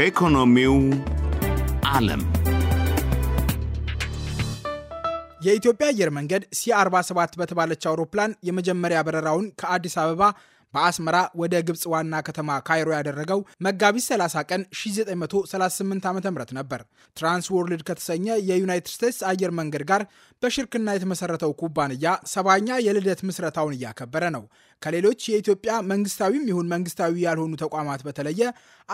ከኢኮኖሚው ዓለም የኢትዮጵያ አየር መንገድ ሲ47 በተባለች አውሮፕላን የመጀመሪያ በረራውን ከአዲስ አበባ በአስመራ ወደ ግብፅ ዋና ከተማ ካይሮ ያደረገው መጋቢት 30 ቀን 1938 ዓ ም ነበር። ትራንስ ወርልድ ከተሰኘ የዩናይትድ ስቴትስ አየር መንገድ ጋር በሽርክና የተመሰረተው ኩባንያ ሰባኛ የልደት ምስረታውን እያከበረ ነው። ከሌሎች የኢትዮጵያ መንግስታዊም ይሁን መንግስታዊ ያልሆኑ ተቋማት በተለየ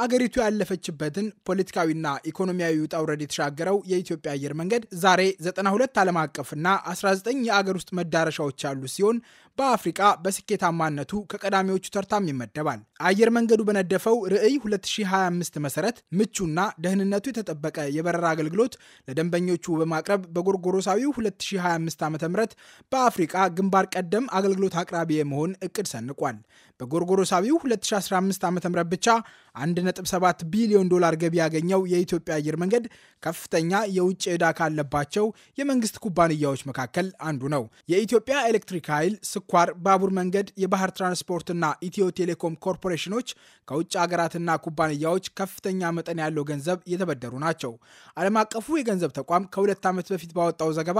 አገሪቱ ያለፈችበትን ፖለቲካዊና ኢኮኖሚያዊ ውጣ ውረድ የተሻገረው የኢትዮጵያ አየር መንገድ ዛሬ 92 ዓለም አቀፍና 19 የአገር ውስጥ መዳረሻዎች ያሉ ሲሆን በአፍሪቃ በስኬታማነቱ ከቀዳሚዎቹ ተርታም ይመደባል። አየር መንገዱ በነደፈው ርዕይ 2025 መሰረት ምቹና ደህንነቱ የተጠበቀ የበረራ አገልግሎት ለደንበኞቹ በማቅረብ በጎርጎሮሳዊው 2025 ዓ ም በአፍሪቃ ግንባር ቀደም አገልግሎት አቅራቢ የመሆን እቅድ ሰንቋል። በጎርጎሮሳቢው 2015 ዓ ም ብቻ 1.7 ቢሊዮን ዶላር ገቢ ያገኘው የኢትዮጵያ አየር መንገድ ከፍተኛ የውጭ ዕዳ ካለባቸው የመንግስት ኩባንያዎች መካከል አንዱ ነው። የኢትዮጵያ ኤሌክትሪክ ኃይል፣ ስኳር፣ ባቡር መንገድ፣ የባህር ትራንስፖርትና ኢትዮ ቴሌኮም ኮርፖሬሽኖች ከውጭ ሀገራትና ኩባንያዎች ከፍተኛ መጠን ያለው ገንዘብ የተበደሩ ናቸው። ዓለም አቀፉ የገንዘብ ተቋም ከሁለት ዓመት በፊት ባወጣው ዘገባ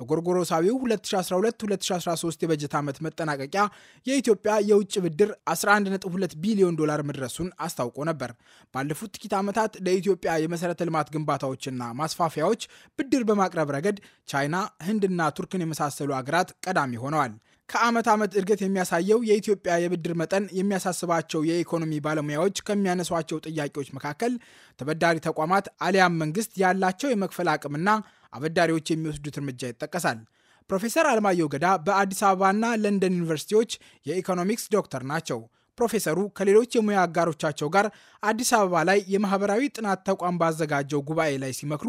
በጎርጎሮሳዊው 2012-2013 የበጀት ዓመት መጠናቀቂያ የኢትዮጵያ የውጭ ብድር 11.2 ቢሊዮን ዶላር መድረሱን አስታውቋል። ተጠብቆ ነበር። ባለፉት ጥቂት ዓመታት ለኢትዮጵያ የመሠረተ ልማት ግንባታዎችና ማስፋፊያዎች ብድር በማቅረብ ረገድ ቻይና፣ ህንድና ቱርክን የመሳሰሉ አገራት ቀዳሚ ሆነዋል። ከዓመት ዓመት እድገት የሚያሳየው የኢትዮጵያ የብድር መጠን የሚያሳስባቸው የኢኮኖሚ ባለሙያዎች ከሚያነሷቸው ጥያቄዎች መካከል ተበዳሪ ተቋማት አሊያም መንግስት ያላቸው የመክፈል አቅምና አበዳሪዎች የሚወስዱት እርምጃ ይጠቀሳል። ፕሮፌሰር አለማየሁ ገዳ በአዲስ አበባና ለንደን ዩኒቨርሲቲዎች የኢኮኖሚክስ ዶክተር ናቸው። ፕሮፌሰሩ ከሌሎች የሙያ አጋሮቻቸው ጋር አዲስ አበባ ላይ የማህበራዊ ጥናት ተቋም ባዘጋጀው ጉባኤ ላይ ሲመክሩ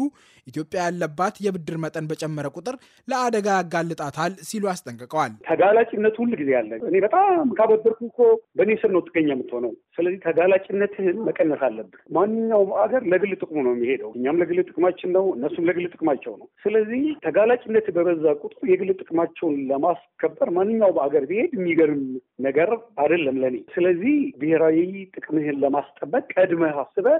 ኢትዮጵያ ያለባት የብድር መጠን በጨመረ ቁጥር ለአደጋ ያጋልጣታል ሲሉ አስጠንቅቀዋል። ተጋላጭነቱ ሁል ጊዜ አለ። እኔ በጣም ካበደርኩ እኮ በእኔ ስር ነው ጥገኛ የምትሆነው። ስለዚህ ተጋላጭነትህን መቀነስ አለብህ። ማንኛውም አገር ለግል ጥቅሙ ነው የሚሄደው። እኛም ለግል ጥቅማችን ነው፣ እነሱም ለግል ጥቅማቸው ነው። ስለዚህ ተጋላጭነት በበዛ ቁጥር የግል ጥቅማቸውን ለማስከበር ማንኛውም አገር ቢሄድ የሚገርም ነገር አይደለም ለእኔ ስለዚህ ብሔራዊ ጥቅምህን ለማስጠበቅ ቀድመህ አስበህ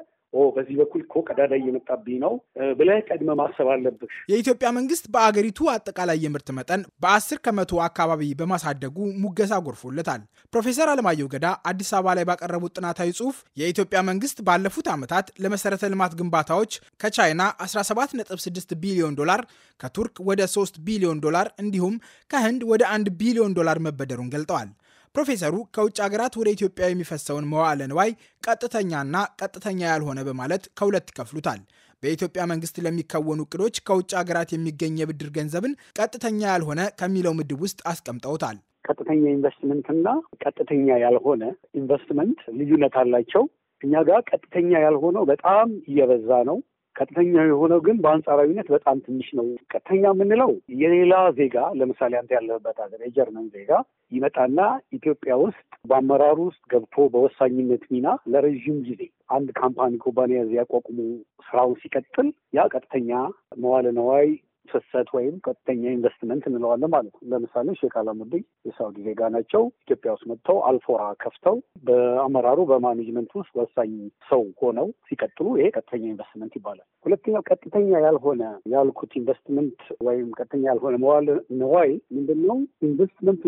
በዚህ በኩል እኮ ቀዳዳ እየመጣብኝ ነው ብለህ ቀድመ ማሰብ አለብህ። የኢትዮጵያ መንግስት በአገሪቱ አጠቃላይ የምርት መጠን በአስር ከመቶ አካባቢ በማሳደጉ ሙገሳ ጎርፎለታል። ፕሮፌሰር አለማየሁ ገዳ አዲስ አበባ ላይ ባቀረቡት ጥናታዊ ጽሑፍ የኢትዮጵያ መንግስት ባለፉት ዓመታት ለመሰረተ ልማት ግንባታዎች ከቻይና 17.6 ቢሊዮን ዶላር፣ ከቱርክ ወደ 3 ቢሊዮን ዶላር እንዲሁም ከህንድ ወደ 1 ቢሊዮን ዶላር መበደሩን ገልጠዋል። ፕሮፌሰሩ ከውጭ ሀገራት ወደ ኢትዮጵያ የሚፈሰውን መዋዕለ ንዋይ ቀጥተኛና ቀጥተኛ ያልሆነ በማለት ከሁለት ይከፍሉታል። በኢትዮጵያ መንግስት ለሚከወኑ እቅዶች ከውጭ ሀገራት የሚገኝ የብድር ገንዘብን ቀጥተኛ ያልሆነ ከሚለው ምድብ ውስጥ አስቀምጠውታል። ቀጥተኛ ኢንቨስትመንትና ቀጥተኛ ያልሆነ ኢንቨስትመንት ልዩነት አላቸው። እኛ ጋር ቀጥተኛ ያልሆነው በጣም እየበዛ ነው። ቀጥተኛ የሆነው ግን በአንጻራዊነት በጣም ትንሽ ነው። ቀጥተኛ የምንለው የሌላ ዜጋ ለምሳሌ አንተ ያለበት ሀገር የጀርመን ዜጋ ይመጣና ኢትዮጵያ ውስጥ በአመራሩ ውስጥ ገብቶ በወሳኝነት ሚና ለረዥም ጊዜ አንድ ካምፓኒ ኩባንያ ያቋቁሙ ስራውን ሲቀጥል ያ ቀጥተኛ መዋለ ነዋይ ፍሰት ወይም ቀጥተኛ ኢንቨስትመንት እንለዋለን ማለት ነው። ለምሳሌ ሼክ አላሙዲን የሳውዲ ዜጋ ናቸው። ኢትዮጵያ ውስጥ መጥተው አልፎራ ከፍተው በአመራሩ በማኔጅመንት ውስጥ ወሳኝ ሰው ሆነው ሲቀጥሉ ይሄ ቀጥተኛ ኢንቨስትመንት ይባላል። ሁለተኛው ቀጥተኛ ያልሆነ ያልኩት ኢንቨስትመንት ወይም ቀጥተኛ ያልሆነ መዋለ ንዋይ ምንድን ነው?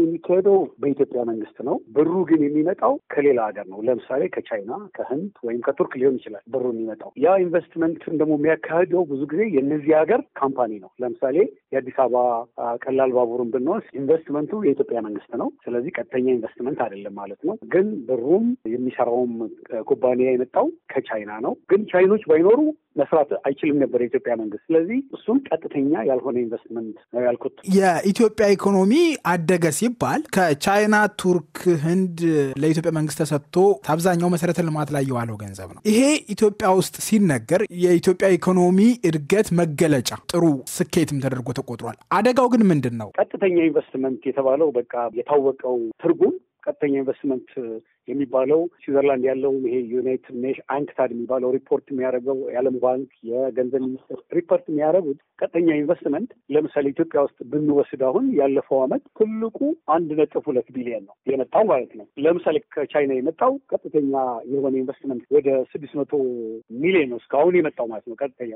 የሚካሄደው በኢትዮጵያ መንግስት ነው። ብሩ ግን የሚመጣው ከሌላ ሀገር ነው። ለምሳሌ ከቻይና፣ ከህንድ ወይም ከቱርክ ሊሆን ይችላል ብሩ የሚመጣው። ያ ኢንቨስትመንት ደግሞ የሚያካሂደው ብዙ ጊዜ የነዚህ ሀገር ካምፓኒ ነው። ለምሳሌ የአዲስ አበባ ቀላል ባቡርን ብንወስድ ኢንቨስትመንቱ የኢትዮጵያ መንግስት ነው። ስለዚህ ቀጥተኛ ኢንቨስትመንት አይደለም ማለት ነው። ግን ብሩም የሚሰራውም ኩባንያ የመጣው ከቻይና ነው። ግን ቻይኖች ባይኖሩ መስራት አይችልም ነበር የኢትዮጵያ መንግስት። ስለዚህ እሱም ቀጥተኛ ያልሆነ ኢንቨስትመንት ነው ያልኩት። የኢትዮጵያ ኢኮኖሚ አደገ ሲባል ከቻይና፣ ቱርክ፣ ህንድ ለኢትዮጵያ መንግስት ተሰጥቶ አብዛኛው መሰረተ ልማት ላይ የዋለው ገንዘብ ነው። ይሄ ኢትዮጵያ ውስጥ ሲነገር የኢትዮጵያ ኢኮኖሚ እድገት መገለጫ ጥሩ ስኬትም ተደርጎ ተቆጥሯል። አደጋው ግን ምንድን ነው? ቀጥተኛ ኢንቨስትመንት የተባለው በቃ የታወቀው ትርጉም ቀጥተኛ ኢንቨስትመንት የሚባለው ስዊዘርላንድ ያለው ይሄ ዩናይትድ ኔሽን አንክታድ የሚባለው ሪፖርት የሚያደርገው የዓለም ባንክ የገንዘብ ሚኒስትር ሪፖርት የሚያደርጉት ቀጥተኛ ኢንቨስትመንት ለምሳሌ ኢትዮጵያ ውስጥ ብንወስድ አሁን ያለፈው ዓመት ትልቁ አንድ ነጥብ ሁለት ቢሊዮን ነው የመጣው ማለት ነው። ለምሳሌ ከቻይና የመጣው ቀጥተኛ የሆነ ኢንቨስትመንት ወደ ስድስት መቶ ሚሊዮን ነው እስካሁን የመጣው ማለት ነው። ቀጥተኛ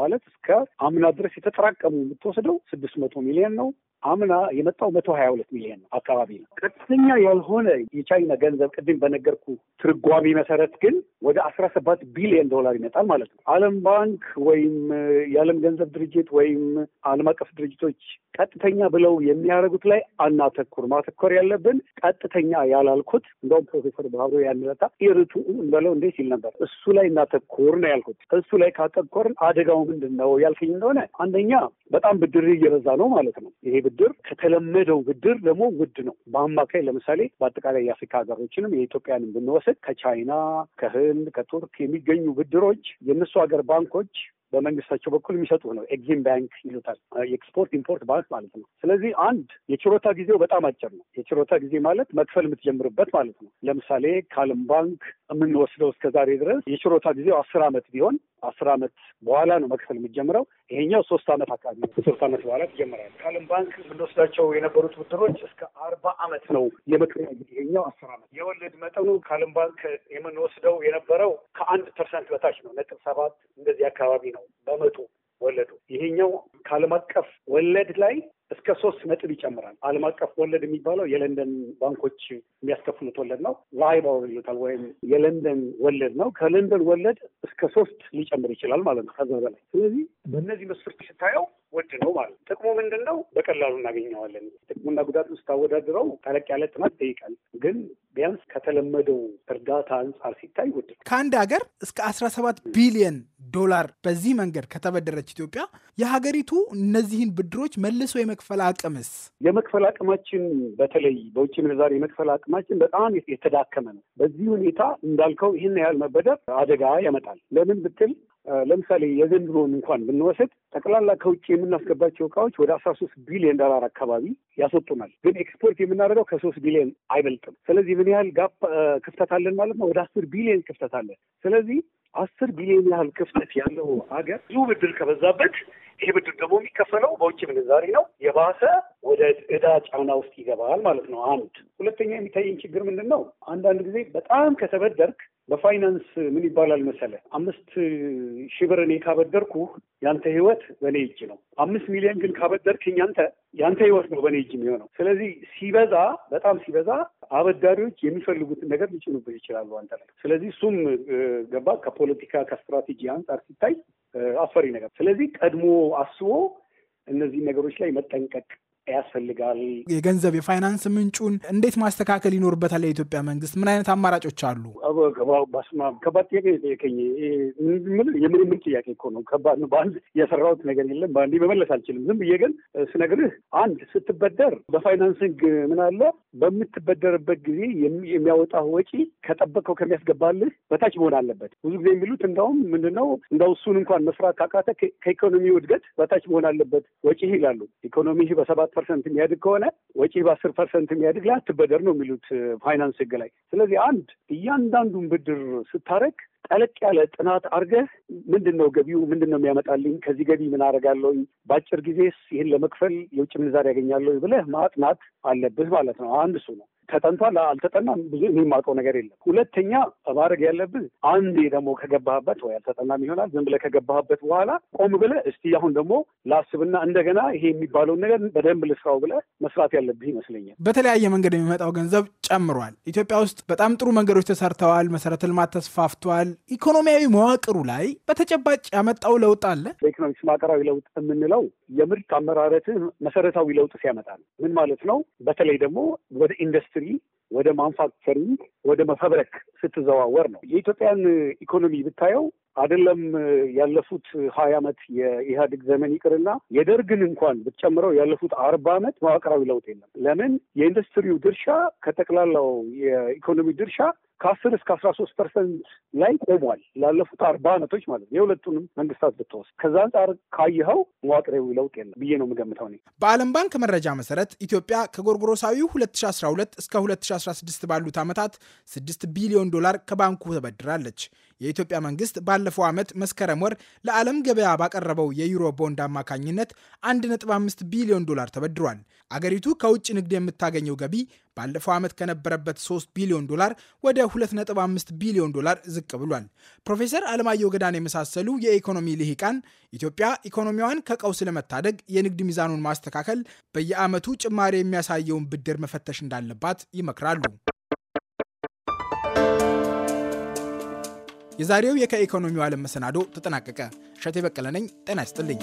ማለት እስከ አምና ድረስ የተጠራቀሙ የምትወስደው ስድስት መቶ ሚሊዮን ነው። አምና የመጣው መቶ ሀያ ሁለት ሚሊዮን ነው አካባቢ ነው። ቀጥተኛ ያልሆነ የቻይና ገንዘብ ቅድም በነገርኩ ትርጓሜ መሰረት ግን ወደ አስራ ሰባት ቢሊዮን ዶላር ይመጣል ማለት ነው። ዓለም ባንክ ወይም የዓለም ገንዘብ ድርጅት ወይም ዓለም አቀፍ ድርጅቶች ቀጥተኛ ብለው የሚያደርጉት ላይ አናተኩር። ማተኮር ያለብን ቀጥተኛ ያላልኩት እንደውም ፕሮፌሰር ባህሩ ያንለታ ኢርቱ እንበለው እንዴ ሲል ነበር። እሱ ላይ እናተኩር ነው ያልኩት። እሱ ላይ ካተኮር አደጋው ምንድን ነው ያልከኝ እንደሆነ አንደኛ በጣም ብድር እየበዛ ነው ማለት ነው። ይሄ ብድር ከተለመደው ብድር ደግሞ ውድ ነው። በአማካይ ለምሳሌ በአጠቃላይ የአፍሪካ ሀገሮችንም የኢትዮጵያንም ብንወስድ ከቻይና፣ ከህንድ፣ ከቱርክ የሚገኙ ብድሮች የእነሱ ሀገር ባንኮች በመንግስታቸው በኩል የሚሰጡ ነው። ኤግዚም ባንክ ይሉታል። ኤክስፖርት ኢምፖርት ባንክ ማለት ነው። ስለዚህ አንድ የችሮታ ጊዜው በጣም አጭር ነው። የችሮታ ጊዜ ማለት መክፈል የምትጀምርበት ማለት ነው። ለምሳሌ ከዓለም ባንክ የምንወስደው እስከ ዛሬ ድረስ የችሮታ ጊዜው አስር ዓመት ቢሆን አስር ዓመት በኋላ ነው መክፈል የሚጀምረው። ይሄኛው ሶስት ዓመት አካባቢ ነው። ሶስት ዓመት በኋላ ትጀምራል። ከዓለም ባንክ የምንወስዳቸው የነበሩት ብድሮች እስከ አርባ ዓመት ነው የመክፈያ ጊዜ። ይሄኛው አስር ዓመት የወለድ መጠኑ ከዓለም ባንክ የምንወስደው የነበረው ከአንድ ፐርሰንት በታች ነው። ነጥብ ሰባት እንደዚህ አካባቢ ነው። ነው በመቶ ወለዱ። ይሄኛው ከዓለም አቀፍ ወለድ ላይ እስከ ሶስት ነጥብ ይጨምራል። ዓለም አቀፍ ወለድ የሚባለው የለንደን ባንኮች የሚያስከፍሉት ወለድ ነው። ላይባር ይሉታል ወይም የለንደን ወለድ ነው። ከለንደን ወለድ እስከ ሶስት ሊጨምር ይችላል ማለት ነው ከዛ በላይ። ስለዚህ በእነዚህ መስፈርት ስታየው ውድ ነው ማለት ነው። ጥቅሙ ምንድን ነው? በቀላሉ እናገኘዋለን። ጥቅሙና ውስጥ ስታወዳድረው ተለቅ ያለ ጥናት ይጠይቃል፣ ግን ቢያንስ ከተለመደው እርዳታ አንጻር ሲታይ ውድ ነው። ከአንድ ሀገር እስከ ሰባት ቢሊየን ዶላር በዚህ መንገድ ከተበደረች ኢትዮጵያ የሀገሪቱ እነዚህን ብድሮች መልሶ የመክፈል አቅምስ የመክፈል አቅማችን በተለይ በውጭ ምንዛሪ የመክፈል አቅማችን በጣም የተዳከመ ነው። በዚህ ሁኔታ እንዳልከው ይህን ያህል መበደር አደጋ ያመጣል። ለምን ብትል ለምሳሌ የዘንድሮን እንኳን ብንወስድ ጠቅላላ ከውጭ የምናስገባቸው እቃዎች ወደ አስራ ሶስት ቢሊዮን ዶላር አካባቢ ያስወጡናል። ግን ኤክስፖርት የምናደርገው ከሶስት ቢሊዮን አይበልጥም። ስለዚህ ምን ያህል ጋፕ ክፍተት አለን ማለት ነው? ወደ አስር ቢሊዮን ክፍተት አለን። ስለዚህ አስር ቢሊዮን ያህል ክፍተት ያለው ሀገር ብዙ ብድር ከበዛበት ይህ ብድር ደግሞ የሚከፈለው በውጭ ምንዛሬ ነው። የባሰ ወደ እዳ ጫና ውስጥ ይገባል ማለት ነው። አንድ ሁለተኛ የሚታየኝ ችግር ምንድን ነው? አንዳንድ ጊዜ በጣም ከተበደርክ በፋይናንስ ምን ይባላል መሰለ፣ አምስት ሺህ ብር እኔ ካበደርኩ ያንተ ህይወት በእኔ እጅ ነው። አምስት ሚሊዮን ግን ካበደርክኝ አንተ ያንተ ህይወት ነው በእኔ እጅ የሚሆነው። ስለዚህ ሲበዛ በጣም ሲበዛ አበዳሪዎች የሚፈልጉትን ነገር ሊጭኑብህ ይችላሉ አንተ ላይ። ስለዚህ እሱም ገባ ከፖለቲካ ከስትራቴጂ አንጻር ሲታይ አስፈሪ ነገር። ስለዚህ ቀድሞ አስቦ እነዚህ ነገሮች ላይ መጠንቀቅ ያስፈልጋል። የገንዘብ የፋይናንስ ምንጩን እንዴት ማስተካከል ይኖርበታል? የኢትዮጵያ መንግስት ምን አይነት አማራጮች አሉ? ከባድ ጥያቄ የጠየቀኝ የምርምር ጥያቄ እኮ ነው። ከባድ ነው። በአንድ የሰራሁት ነገር የለም። በአንድ መመለስ አልችልም። ዝም ብዬ ግን ስነግርህ አንድ ስትበደር በፋይናንሲንግ ምን አለ በምትበደርበት ጊዜ የሚያወጣው ወጪ ከጠበቀው ከሚያስገባልህ በታች መሆን አለበት። ብዙ ጊዜ የሚሉት እንዳውም ምንድነው እንዳው እሱን እንኳን መስራት ካቃተ ከኢኮኖሚ እድገት በታች መሆን አለበት ወጪ ይላሉ። ኢኮኖሚ በሰባት ፐርሰንት የሚያድግ ከሆነ ወጪ በአስር ፐርሰንት የሚያድግ ላይ አትበደር ነው የሚሉት ፋይናንስ ህግ ላይ። ስለዚህ አንድ እያንዳንዱን ብድር ስታረግ ጠለቅ ያለ ጥናት አድርገህ ምንድን ነው ገቢው፣ ምንድን ነው የሚያመጣልኝ፣ ከዚህ ገቢ ምን አደርጋለሁኝ፣ በአጭር ጊዜስ ይህን ለመክፈል የውጭ ምንዛሪ ያገኛለሁ ብለህ ማጥናት አለብህ ማለት ነው። አንድ እሱ ነው። ተጠንቷል አልተጠናም፣ ብዙ የሚማቀው ነገር የለም። ሁለተኛ ማድረግ ያለብህ አንዴ ደግሞ ከገባህበት ወይ አልተጠናም ይሆናል ዝም ብለህ ከገባህበት በኋላ ቆም ብለህ እስቲ አሁን ደግሞ ላስብና እንደገና ይሄ የሚባለውን ነገር በደንብ ልስራው ብለህ መስራት ያለብህ ይመስለኛል። በተለያየ መንገድ የሚመጣው ገንዘብ ጨምሯል። ኢትዮጵያ ውስጥ በጣም ጥሩ መንገዶች ተሰርተዋል። መሰረተ ልማት ተስፋፍቷል። ኢኮኖሚያዊ መዋቅሩ ላይ በተጨባጭ ያመጣው ለውጥ አለ። በኢኮኖሚክስ ማቀራዊ ለውጥ የምንለው የምርት አመራረትህ መሰረታዊ ለውጥ ሲያመጣ ነው። ምን ማለት ነው? በተለይ ደግሞ ወደ ኢንዱስትሪ ኢንዱስትሪ ወደ ማንፋክቸሪንግ ወደ መፈብረክ ስትዘዋወር ነው። የኢትዮጵያን ኢኮኖሚ ብታየው አይደለም ያለፉት ሀያ ዓመት የኢህአዴግ ዘመን ይቅርና የደርግን እንኳን ብትጨምረው ያለፉት አርባ ዓመት መዋቅራዊ ለውጥ የለም። ለምን? የኢንዱስትሪው ድርሻ ከጠቅላላው የኢኮኖሚ ድርሻ ከአስር እስከ አስራ ሶስት ፐርሰንት ላይ ቆሟል ላለፉት አርባ ዓመቶች ማለት ነው የሁለቱንም መንግስታት ብትወስድ። ከዛ አንጻር ካየኸው መዋቅራዊ ለውጥ የለም ብዬ ነው የምገምተው። በዓለም ባንክ መረጃ መሰረት ኢትዮጵያ ከጎርጎሮሳዊው 2012 እስከ 2016 ባሉት ዓመታት 6 ቢሊዮን ዶላር ከባንኩ ተበድራለች። የኢትዮጵያ መንግስት ባለፈው ዓመት መስከረም ወር ለዓለም ገበያ ባቀረበው የዩሮ ቦንድ አማካኝነት 1.5 ቢሊዮን ዶላር ተበድሯል። አገሪቱ ከውጭ ንግድ የምታገኘው ገቢ ባለፈው ዓመት ከነበረበት 3 ቢሊዮን ዶላር ወደ 2.5 ቢሊዮን ዶላር ዝቅ ብሏል። ፕሮፌሰር አለማየሁ ገዳን የመሳሰሉ የኢኮኖሚ ልሂቃን ኢትዮጵያ ኢኮኖሚዋን ከቀውስ ለመታደግ የንግድ ሚዛኑን ማስተካከል፣ በየዓመቱ ጭማሪ የሚያሳየውን ብድር መፈተሽ እንዳለባት ይመክራሉ። የዛሬው የከኢኮኖሚው ዓለም መሰናዶ ተጠናቀቀ። እሸቴ በቀለ ነኝ። ጤና ይስጥልኝ።